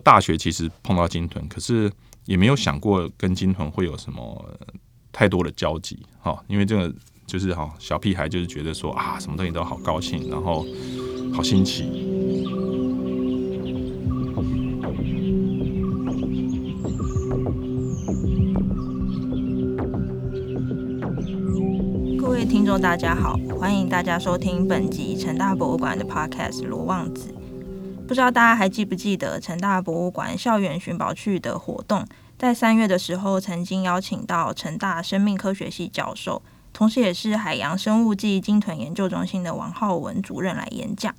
大學其實碰到鯨豚，可是也沒有想過跟鯨豚會有什麼太多的交集，哈，因為這個就是哈小屁孩，就是覺得說啊，什麼東西都好高興，然後好新奇。各位聽眾大家好，歡迎大家收聽本集成大博物館的 Podcast 羅望子。不知道大家還記不記得成大博物館校園尋寶趣的活動，在三月的時候，曾經邀請到成大生命科學系教授，同時也是海洋生物暨鯨豚研究中心的王浩文主任來演講。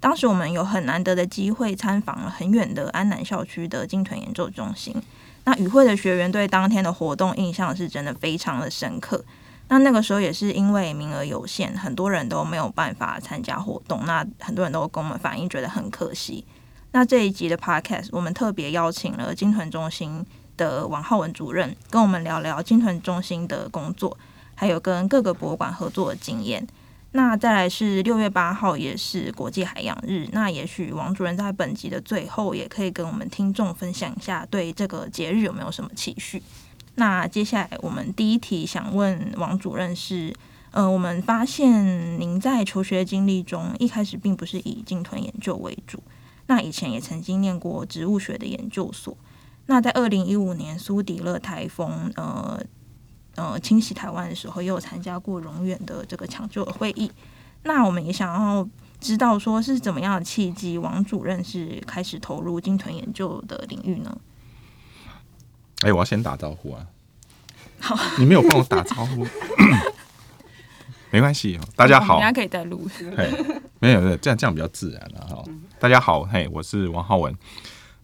當時我們有很難得的機會參訪了很遠的安南校區的鯨豚研究中心。那與會的學員對當天的活動印象是真的非常的深刻。那那個時候也是因為名額有限，很多人都沒有辦法參加活動。那很多人都跟我們反映覺得很可惜。那這一集的 podcast 我們特別邀請了鯨豚中心的王浩文主任跟我們聊聊鯨豚中心的工作，還有跟各個博物館合作的經驗。那再來是六月八號，也是國際海洋日。那也許王主任在本集的最後也可以跟我們聽眾分享一下，對這個節日有沒有什麼期許？那接下來我們第一題想問王主任是，呃，我們發現您在求學經歷中一開始並不是以鯨豚研究為主，那以前也曾經念過植物學的研究所，那在二零一五年蘇迪勒颱風，呃，呃，侵襲台灣的時候也有參加過榕園的這個搶救的會議，那我們也想要知道說是怎麼樣的契機，王主任是開始投入鯨豚研究的領域呢？哎、欸，我要先打招呼啊！好，你沒有幫我打招呼， 沒關係哦、嗯。大家好，大家可以帶路。 沒有，沒有，這樣這樣比較自然了、啊、哈、嗯。大家好，嘿，我是王浩文。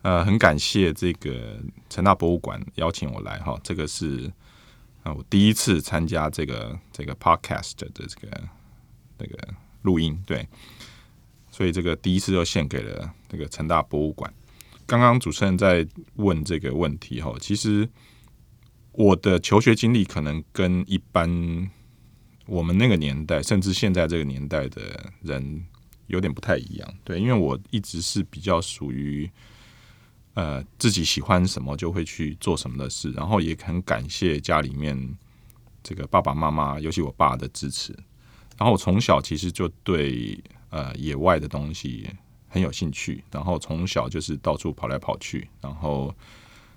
呃，很感謝這個成大博物館邀請我來哈。這個是啊、呃，我第一次參加這個這個 podcast 的這個那、這個錄音，對。所以這個第一次就獻給了這個成大博物館。剛剛主持人在問這個問題哈，其實我的求學經歷可能跟一般我們那個年代，甚至現在這個年代的人有點不太一樣。對，因為我一直是比較屬於呃自己喜歡什麼就會去做什麼的事，然後也很感謝家裡面這個爸爸媽媽，尤其我爸的支持。然後我從小其實就對呃野外的東西很有興趣，然後從小就是到處跑來跑去，然後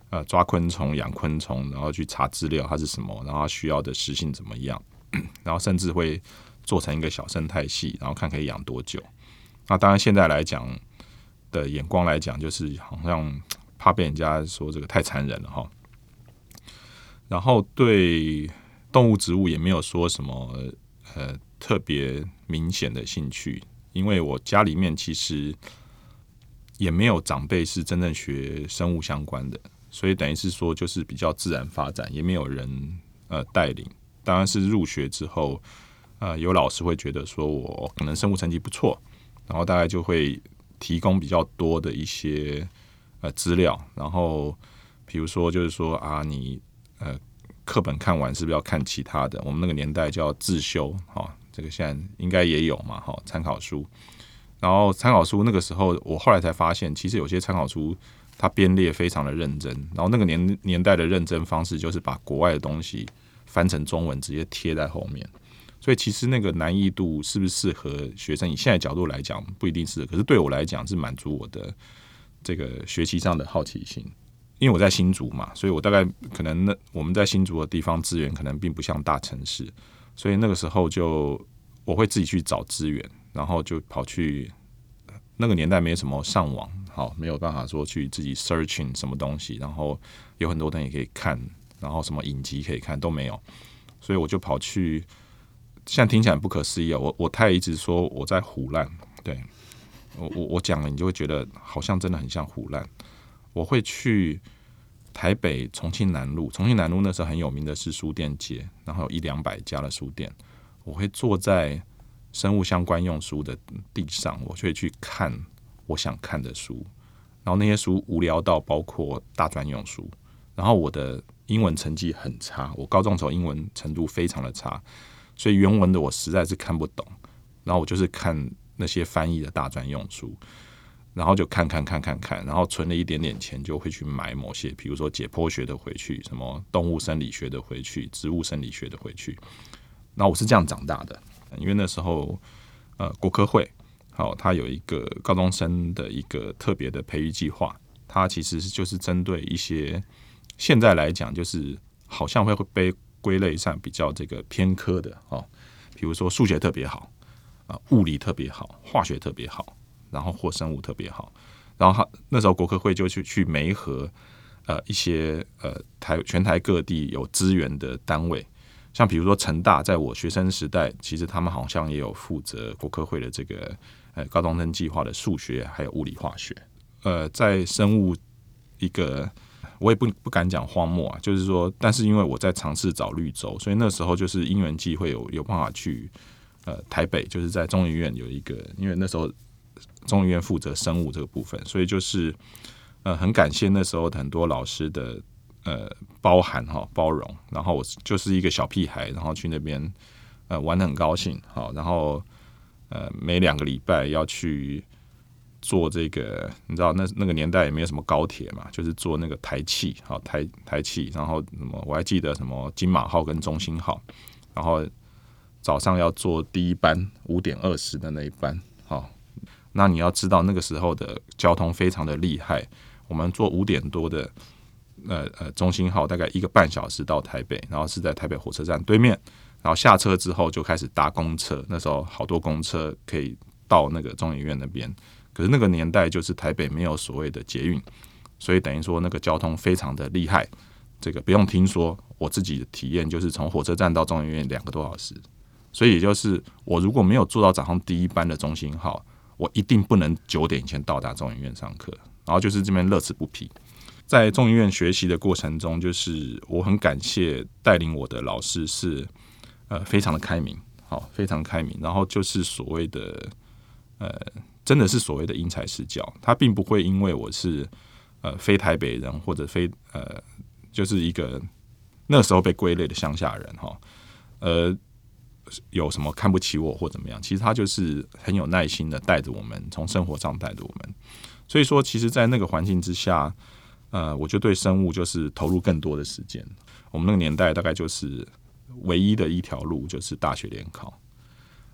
呃抓昆蟲、養昆蟲，然後去查資料它是什麼，然後它需要的食性怎麼樣，然後甚至會做成一個小生態系，然後看可以養多久。那當然現在來講的眼光來講，就是好像怕被人家說這個太殘忍了哈。然後對動物、植物也沒有說什麼呃特別明顯的興趣。因為我家裡面其實也沒有長輩是真正學生物相關的，所以等於是說就是比較自然發展，也沒有人呃帶領。當然是入學之後，呃，有老師會覺得說我可能生物成績不錯，然後大概就會提供比較多的一些呃資料，然後比如說就是說啊，你呃課本看完是不是要看其他的？我們那個年代叫自修啊。這個現在應該也有嘛，哈，參考書。然後參考書那個時候，我後來才發現，其實有些參考書它編列非常的認真。然後那個年年代的認真方式，就是把國外的東西翻成中文，直接貼在後面。所以其實那個難易度是不是適合學生？以現在角度來講，不一定是。可是對我來講，是滿足我的這個學習上的好奇心。因為我在新竹嘛，所以我大概可能那我們在新竹的地方資源可能並不像大城市。所以那個時候就我會自己去找資源，然後就跑去。那個年代沒有什麼上網，好沒有辦法說去自己 searching 什麼東西，然後有很多東西也可以看，然後什麼影集可以看都沒有，所以我就跑去。現在聽起來不可思議啊、哦！我我太太一直說我在唬爛，對我我我講了，你就會覺得好像真的很像唬爛。我會去。台北重慶南路，重慶南路那時候很有名的是書店街，然後有一兩百家的書店。我會坐在生物相關用書的地上，我就會去看我想看的書。然後那些書無聊到包括大專用書。然後我的英文成績很差，我高中的時候英文程度非常的差，所以原文的我實在是看不懂。然後我就是看那些翻譯的大專用書。然後就看，看看看看看，然後存了一點點錢，就會去買某些，比如說解剖學的回去，什麼動物生理學的回去，植物生理學的回去。那我是這樣長大的，因為那時候呃，國科會好、哦，它有一個高中生的一個特別的培育計劃，它其實就是針對一些現在來講，就是好像會被歸類上比較這個偏科的哦，比如說數學特別好啊、呃，物理特別好，化學特別好。然後獲生物特別好，然後他那時候國科會就去去媒合，呃一些呃台全台各地有資源的單位，像比如說成大，在我學生時代，其實他們好像也有負責國科會的這個呃高中生計劃的數學還有物理化學，呃在生物一個我也不不敢講荒漠啊，就是說，但是因為我在嘗試找綠洲，所以那時候就是因緣際會有有辦法去呃台北，就是在中研院有一個，因為那時候。中醫院負責生物這個部分，所以就是呃，很感謝那時候很多老師的呃，包含哈包容。然後我就是一個小屁孩，然後去那邊呃玩的很高興。好，然後呃每兩個禮拜要去坐這個，你知道那那個年代也沒有什麼高鐵嘛，就是坐那個台汽，好台台汽，然後什麼我還記得什麼金馬號跟中興號，然後早上要坐第一班五點二十的那一班。那你要知道那個時候的交通非常的厲害，我們坐五點多的，呃呃中心號大概一個半小時到台北，然後是在台北火車站對面，然後下車之後就開始搭公車，那時候好多公車可以到那個中研院那邊，可是那個年代就是台北沒有所謂的捷運，所以等於說那個交通非常的厲害，這個不用聽說，我自己的體驗就是從火車站到中研院兩個多小時，所以也就是我如果沒有坐到早上第一班的中心號。我一定不能九點以前到達中研院上課，然後就是這邊樂此不疲，在中研院學習的過程中，就是我很感謝帶領我的老師是，呃，非常的開明，好，非常開明，然後就是所謂的，呃，真的是所謂的因材施教，他並不會因為我是呃非台北人或者非呃就是一個那時候被歸類的鄉下人哈，呃。有什麼看不起我或怎麼樣？其實他就是很有耐心的帶着我們，從生活上帶着我們。所以說，其實，在那個環境之下，呃，我就對生物就是投入更多的時間。我們那個年代大概就是唯一的一條路就是大學聯考。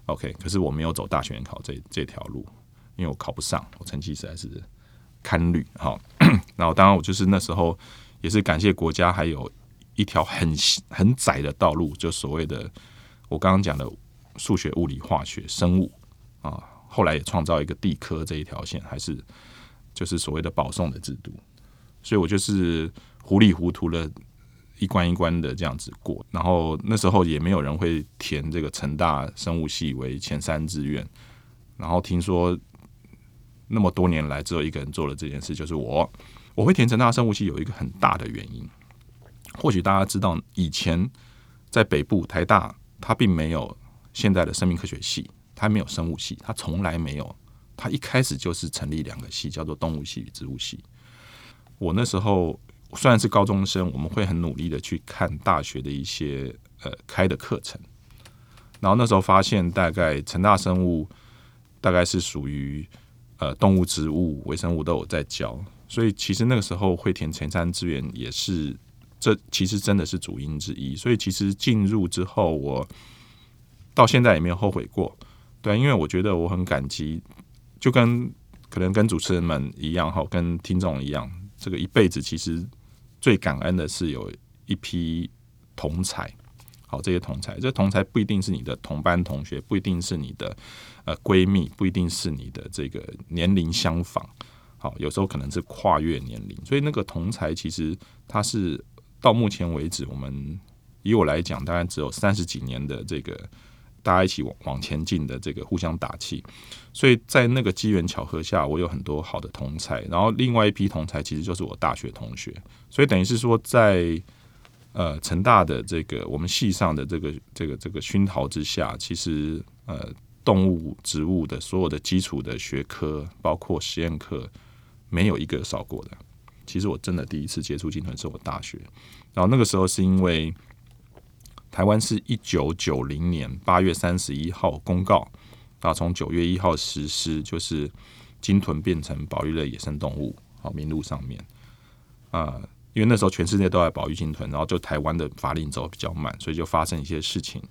OK，可是我沒有走大學聯考這這條路，因為我考不上，我成績實在是堪慮。好、哦， 然後當然我就是那時候也是感謝國家還有一條很很窄的道路，就所謂的。我剛剛講的數學、物理、化學、生物，啊，後來也創造一個地科這一條線，還是就是所謂的保送的制度，所以我就是糊裡糊塗的，一關一關的這樣子過。然後那時候也沒有人會填這個成大生物系為前三志願。然後聽說那麼多年來只有一個人做了這件事，就是我。我會填成大生物系有一個很大的原因，或許大家知道以前在北部台大。它並沒有現在的生命科學系，它沒有生物系，它從來沒有。它一開始就是成立兩個系，叫做動物系與植物系。我那時候雖然是高中生，我們會很努力的去看大學的一些呃開的課程，然後那時候發現，大概成大生物大概是屬於呃動物、植物、微生物都有在教，所以其實那個時候會填前三志願也是。這其實真的是主因之一，所以其實進入之後，我到現在也沒有後悔過，對啊，因為我覺得我很感激，就跟可能跟主持人們一樣哈，跟聽眾一樣，這個一輩子其實最感恩的是有一批同儕，好，這些同儕，這同儕不一定是你的同班同學，不一定是你的呃閨蜜，不一定是你的這個年齡相仿，好，有時候可能是跨越年齡，所以那個同儕其實他是。到目前為止，我們以我來講，大概只有三十幾年的這個大家一起往前進的這個互相打氣，所以在那個機緣巧合下，我有很多好的同才，然後另外一批同才其實就是我大學同學，所以等於是說在呃成大的這個我們系上的這個這個這個，這個熏陶之下，其實呃動物植物的所有的基礎的學科，包括實驗課，沒有一個少過的。其實我真的第一次接觸鯨豚是我大學，然後那個時候是因為台灣是一九九零年八月三十一號公告，要從九月一號實施，就是鯨豚變成保育類野生動物，好名錄上面。啊，因為那時候全世界都在保育鯨豚，然後就台灣的法令走比較慢，所以就發生一些事情，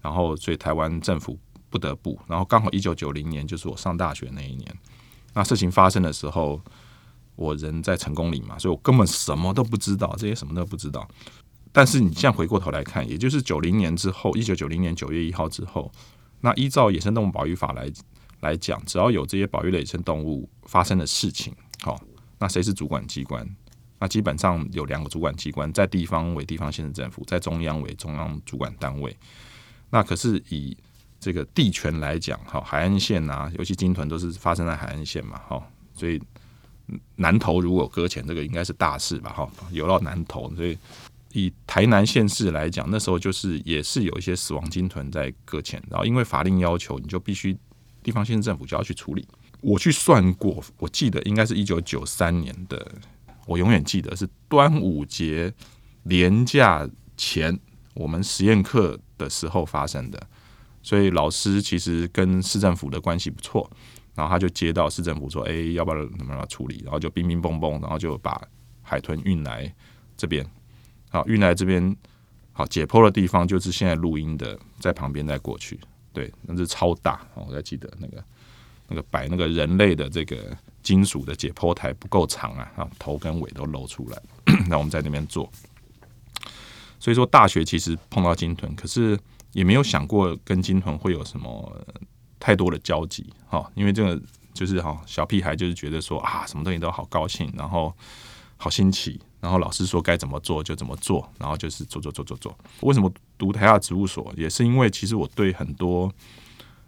然後所以台灣政府不得不，然後剛好一九九零年就是我上大學那一年，那事情發生的時候。我人在成功里嘛，所以我根本什麼都不知道，這些什麼都不知道。但是你現在回過頭來看，也就是九零年之後，一九九零年九月一號之後，那依照野生動物保育法來來講，只要有這些保育類野生動物發生的事情，好，那誰是主管機關？那基本上有兩個主管機關，在地方為地方縣政府，在中央為中央主管單位。那可是以這個地權來講，好，海岸線啊，尤其鯨豚都是發生在海岸線嘛，好，所以。南投如果擱淺，這個應該是大事吧？哈，有游到南投，所以以台南縣市來講，那時候就是也是有一些死亡鯨豚在擱淺，然後因為法令要求，你就必須地方縣政府就要去處理。我去算過，我記得應該是一九九三年的，我永遠記得是端午節連假前，我們實驗課的時候發生的，所以老師其實跟市政府的關係不錯。然後他就接到市政府說：“哎，要不要怎麼處理？”然後就乒乒蹦蹦，然後就把海豚運來這邊，好、啊、運來這邊好、啊、解剖的地方，就是現在錄音的在旁邊，再過去，對，那是超大、啊、我還記得那個那個擺那個人類的這個金屬的解剖台不夠長啊，啊，頭跟尾都露出來。那我們在那邊做，所以說大學其實碰到鯨豚，可是也沒有想過跟鯨豚會有什麼。太多的交集，哈，因為這個就是哈，小屁孩就是覺得說啊，什麼東西都好高興，然後好新奇，然後老師說該怎麼做就怎麼做，然後就是做做做做做。為什麼讀台大植物所，也是因為其實我對很多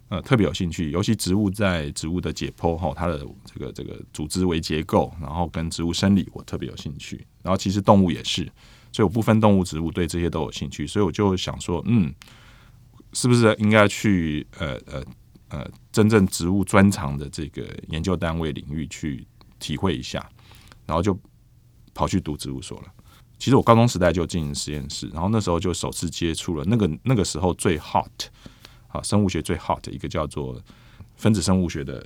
呃特別有興趣，尤其植物在植物的解剖，後，它的這個這個組織微結構，然後跟植物生理，我特別有興趣。然後其實動物也是，所以我不分動物植物，對這些都有興趣，所以我就想說，嗯，是不是應該去呃呃？呃呃，真正植物專長的這個研究單位領域去體會一下，然後就跑去讀植物所了。其實我高中時代就進行實驗室，然後那時候就首次接觸了那個那個時候最 hot 啊生物學最 hot 的一個叫做分子生物學的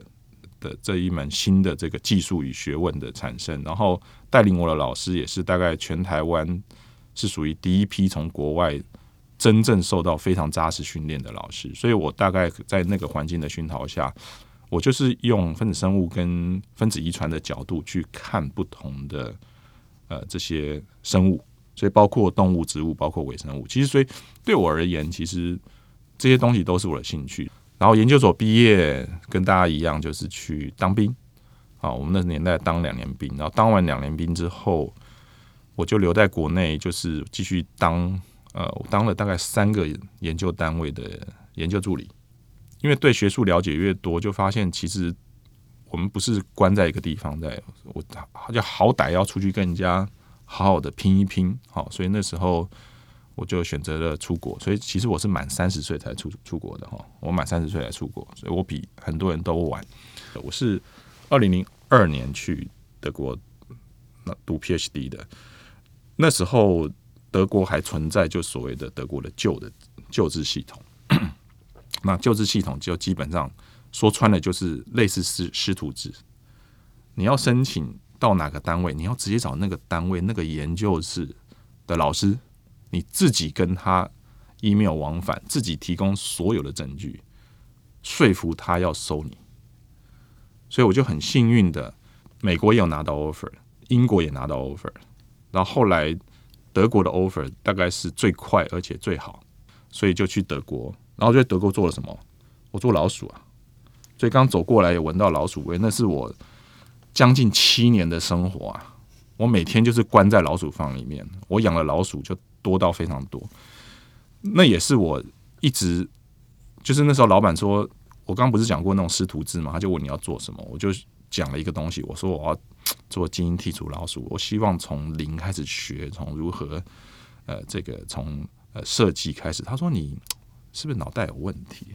的這一門新的這個技術與學問的產生，然後帶領我的老師也是大概全台灣是屬於第一批從國外。真正受到非常扎實訓練的老師，所以我大概在那個環境的熏陶下，我就是用分子生物跟分子遺傳的角度去看不同的呃這些生物，所以包括動物、植物，包括微生物。其實，所以對我而言，其實這些東西都是我的興趣。然後研究所畢業，跟大家一樣，就是去當兵啊。我們那年代當兩年兵，然後當完兩年兵之後，我就留在國內，就是繼續當。呃，我當了大概三個研究單位的研究助理，因為對學術了解越多，就發現其實我們不是關在一個地方，在我就好歹要出去跟人家好好的拼一拼，好，所以那時候我就選擇了出國。所以其實我是滿三十歲才出出國的哈，我滿三十歲才出國，所以我比很多人都晚。我是二零零二年去德國那讀 PhD 的，那時候。德國還存在就所謂的德國的舊的舊制系統， 那舊制系統就基本上說穿了就是類似師師徒制你要申請到哪個單位，你要直接找那個單位那個研究室的老師，你自己跟他 email 往返，自己提供所有的證據，說服他要收你。所以我就很幸運的，美國也有拿到 offer，英國也拿到 offer，然後後來。德國的 offer 大概是最快而且最好，所以就去德國。然後就在德國做了什麼？我做老鼠啊！所以剛走過來也聞到老鼠味，欸，那是我將近七年的生活啊！我每天就是關在老鼠房裡面，我養了老鼠就多到非常多。那也是我一直就是那時候老闆說，我剛剛不是講過那種師徒制嘛？他就問你要做什麼，我就。講了一個東西，我說我要做基因剔除老鼠，我希望從零開始學，從如何呃這個從呃設計開始。他說你是不是腦袋有問題？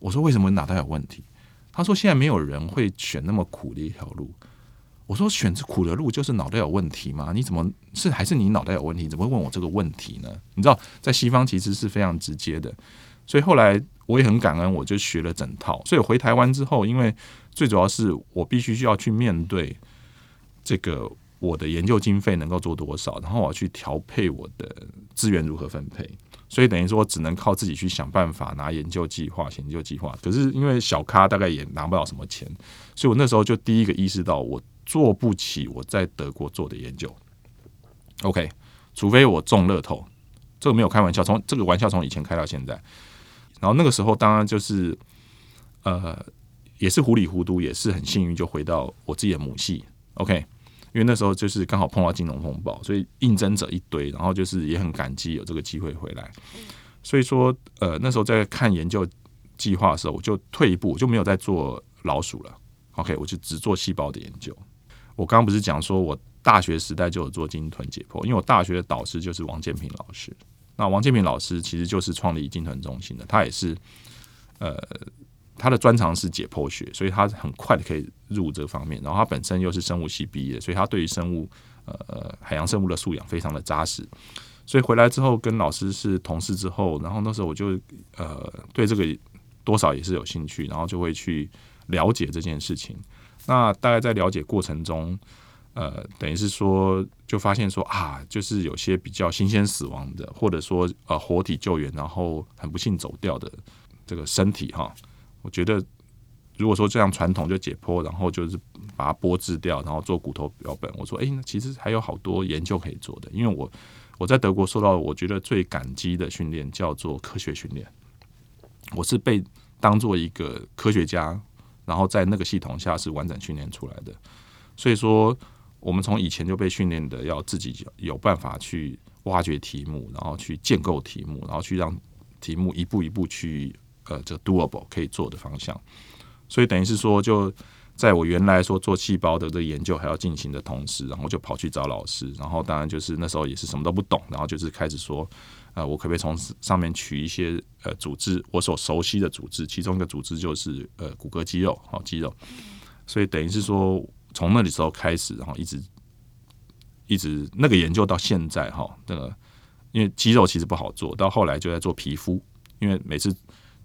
我說為什麼你腦袋有問題？他說現在沒有人會選那麼苦的一條路。我說選擇苦的路就是腦袋有問題嗎？你怎麼是還是你腦袋有問題？你怎麼會問我這個問題呢？你知道在西方其實是非常直接的。所以後來我也很感恩，我就學了整套。所以回台灣之後，因為最主要是我必須需要去面對這個我的研究經費能夠做多少，然後我要去調配我的資源如何分配。所以等於說只能靠自己去想辦法拿研究計劃、研究計劃。可是因為小咖大概也拿不到什麼錢，所以我那時候就第一個意識到我做不起我在德國做的研究。OK，除非我中樂透，這個沒有開玩笑，從這個玩笑從以前開到現在。然後那個時候，當然就是，呃，也是糊里糊塗，也是很幸運，就回到我自己的母系，OK。因為那時候就是剛好碰到金融風暴，所以應徵者一堆，然後就是也很感激有這個機會回來。所以說，呃，那時候在看研究計劃的時候，我就退一步，我就沒有再做老鼠了，OK，我就只做細胞的研究。我剛剛不是講說我大學時代就有做鯨豚解剖，因為我大學的導師就是王建平老師。那王建平老師其實就是創立鯨豚中心的，他也是，呃，他的專長是解剖學，所以他很快的可以入這方面。然後他本身又是生物系畢業，所以他對於生物，呃，海洋生物的素養非常的扎實。所以回來之後跟老師是同事之後，然後那時候我就呃對這個多少也是有興趣，然後就會去了解這件事情。那大概在了解過程中，呃，等於是說，就發現說啊，就是有些比較新鮮死亡的，或者說呃活體救援，然後很不幸走掉的這個身體哈，我覺得如果說這樣傳統就解剖，然後就是把它剝製掉，然後做骨頭標本，我說，欸，那其實還有好多研究可以做的，因為我我在德國受到我覺得最感激的訓練叫做科學訓練，我是被當做一個科學家，然後在那個系統下是完整訓練出來的，所以說。我們從以前就被訓練的，要自己有辦法去挖掘題目，然後去建構題目，然後去讓題目一步一步去呃，這個 doable 可以做的方向。所以等於是說，就在我原來說做細胞的這研究還要進行的同時，然後就跑去找老師，然後當然就是那時候也是什麼都不懂，然後就是開始說，呃，我可不可以從上面取一些呃組織，我所熟悉的組織，其中一個組織就是呃骨骼肌肉，好、哦、肌肉，所以等於是說。從那個時候開始，然後一直一直那個研究到現在哈，那個因為肌肉其實不好做到，後來就在做皮膚，因為每次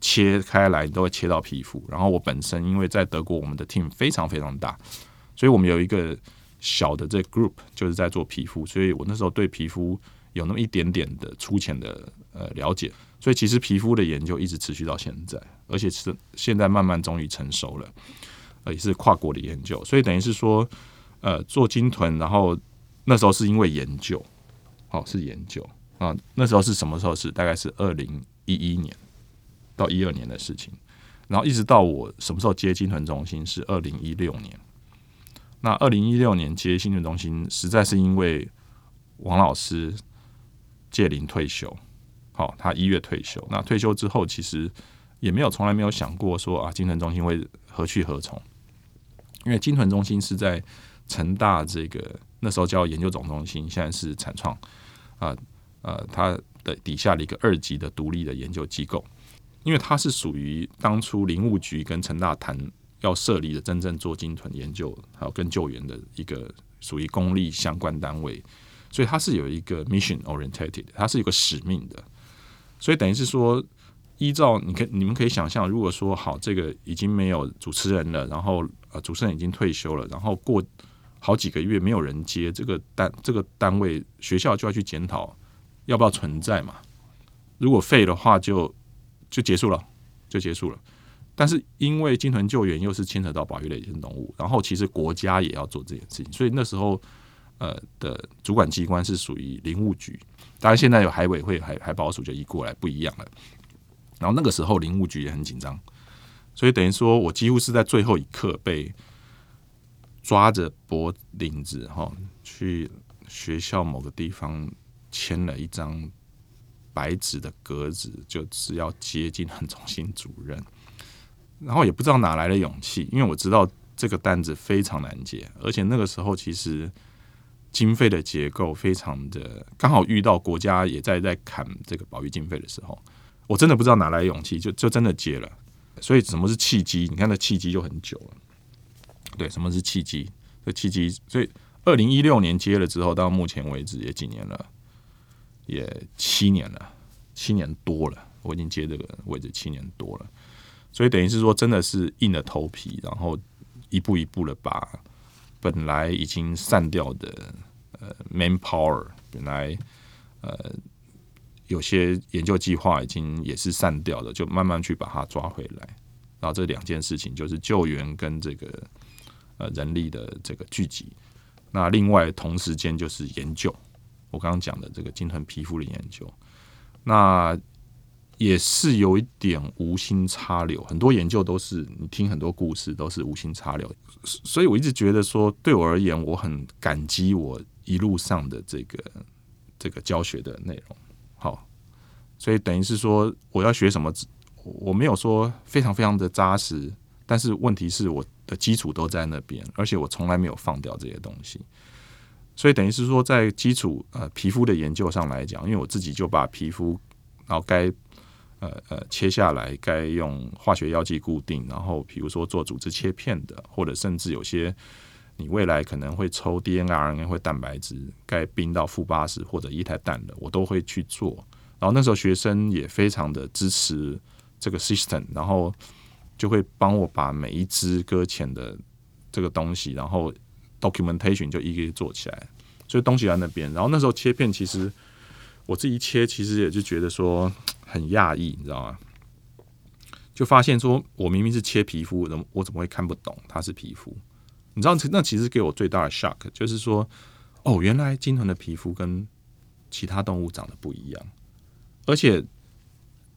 切開來都會切到皮膚。然後我本身因為在德國，我們的 team 非常非常大，所以我們有一個小的這 group 就是在做皮膚，所以我那時候對皮膚有那麼一點點的粗淺的呃了解。所以其實皮膚的研究一直持續到現在，而且是現在慢慢終於成熟了。也是跨國的研究，所以等於是說，呃，做鯨豚，然後那時候是因為研究，好、哦、是研究啊，那時候是什麼時候，是大概是二零一一年到一二年的事情，然後一直到我什麼時候接鯨豚中心，是二零一六年，那二零一六年接鯨豚中心實在是因為王老師屆齡退休，好、哦、他一月退休，那退休之後其實也沒有從來沒有想過說啊鯨豚中心會何去何從。因為鯨豚中心是在成大這個那時候叫研究總中心，現在是產創啊呃，呃它的底下的一個二級的獨立的研究機構，因為它是屬於當初林務局跟成大談要設立的真正做鯨豚研究還有跟救援的一個屬於公立相關單位，所以它是有一個 mission oriented，它是有一個使命的，所以等於是說。依照你可你們可以想象，如果說好這個已經沒有主持人了，然後呃主持人已經退休了，然後過好幾個月沒有人接這個單，這個單位學校就要去檢討要不要存在嘛。如果廢的話就就結束了，就結束了。但是因為鯨豚救援又是牽扯到保育類野生動物，然後其實國家也要做這件事情，所以那時候呃的主管機關是屬於林務局，當然現在有海委會、海海保署就移過來，不一樣了。然後那個時候，林務局也很緊張，所以等於說我幾乎是在最後一刻被抓着脖領子，哈，去學校某個地方簽了一張白紙的格子，就是要接鯨豚中心主任。然後也不知道哪來的勇氣，因為我知道這個擔子非常難接，而且那個時候其實經費的結構非常的，剛好遇到國家也在在砍這個保育經費的時候。我真的不知道哪來勇氣，就就真的接了。所以什麼是契機？你看那契機就很久了。對，什麼是契機？這契機，所以二零一六年接了之後，到目前為止也幾年了，也七年了，七年多了。我已經接這個位置七年多了。所以等於是說，真的是硬着頭皮，然後一步一步的把本來已經散掉的呃 manpower，本來呃。有些研究計劃已經也是散掉的，就慢慢去把它抓回來，然後這兩件事情就是救援跟這個呃人力的這個聚集。那另外同時間就是研究，我剛剛講的這個鯨豚皮膚的研究，那也是有一點無心插柳。很多研究都是，你聽很多故事都是無心插柳，所以我一直覺得說，對我而言，我很感激我一路上的這個這個教學的內容。所以等於是說，我要學什麼？我沒有說非常非常的扎實，但是問題是我的基礎都在那邊，而且我從來沒有放掉這些東西。所以等於是說，在基礎呃皮膚的研究上來講，因為我自己就把皮膚，然後該呃呃切下來，該用化學藥劑固定，然後比如說做組織切片的，或者甚至有些你未來可能會抽 DNA、RNA 或蛋白質，該冰到負八十或者液態氮的，我都會去做。然後那時候學生也非常的支持這個 system，然後就會幫我把每一隻擱淺的這個東西，然後 documentation 就一個一個做起來，所以東西在那邊。然後那時候切片，其實我這一切其實也就覺得說很訝異，你知道嗎？就發現說我明明是切皮膚，我怎麼我怎麼會看不懂它是皮膚？你知道那其實給我最大的 shock 就是說，哦，原來鯨豚的皮膚跟其他動物長得不一樣。而且，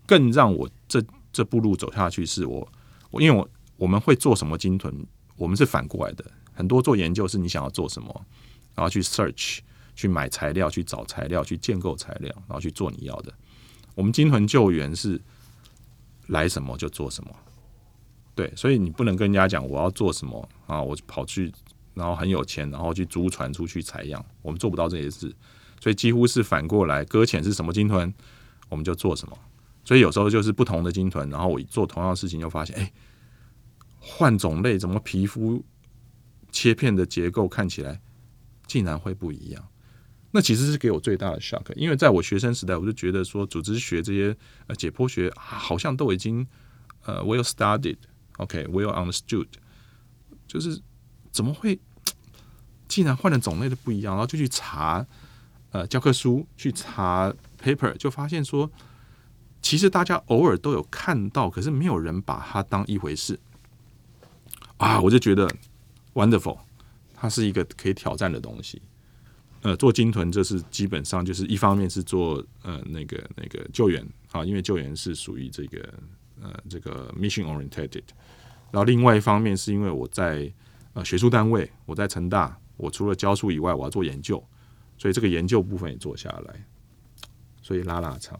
更讓我這這步路走下去，是我我因為我我們會做什麼鯨豚，我們是反過來的。很多做研究是你想要做什麼，然後去 search，去買材料，去找材料，去建構材料，然後去做你要的。我們鯨豚救援是來什麼就做什麼，對，所以你不能跟人家講我要做什麼啊，我跑去然後很有錢，然後去租船出去採樣，我們做不到這些事，所以幾乎是反過來，擱淺是什麼鯨豚，我們就做什麼，所以有時候就是不同的鯨豚，然後我一做同樣的事情，就發現，哎、欸，換種類怎麼皮膚切片的結構看起來竟然會不一樣？那其實是給我最大的 shock，因為在我學生時代，我就覺得說組織學這些解剖學好像都已經呃 well studied，OK、okay, well understood，就是怎麼會竟然換了種類的不一樣，然後就去查。呃，教科書去查 paper 就發現說，其實大家偶爾都有看到，可是沒有人把它當一回事啊！我就覺得 wonderful，它是一個可以挑戰的東西。呃，做鯨豚這是基本上就是一方面是做呃那個那個救援啊，因為救援是屬於這個呃這個 mission oriented，然後另外一方面是因為我在呃學術單位，我在成大，我除了教書以外，我要做研究。所以這個研究部分也做下來，所以拉拉長。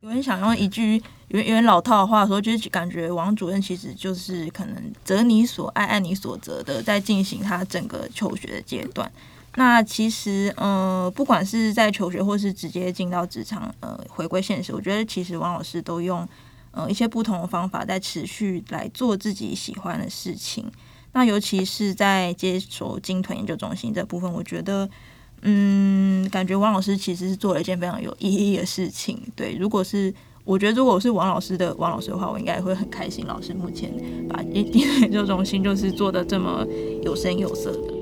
有人想用一句有點老套的話說，就是感覺王主任其實就是可能擇你所愛，愛你所擇的，在進行他整個求學的階段。那其實，呃，不管是在求學或是直接進到職場，呃，回歸現實，我覺得其實王老師都用呃一些不同的方法在持續來做自己喜歡的事情。那尤其是在接手鯨豚研究中心這部分，我覺得。嗯，感覺王老師其實是做了一件非常有意義的事情。對，如果是我覺得，如果我是王老師的王老師的話，我應該也會很開心。老師目前把鯨豚研究中心，就是做的這麼有聲有色的。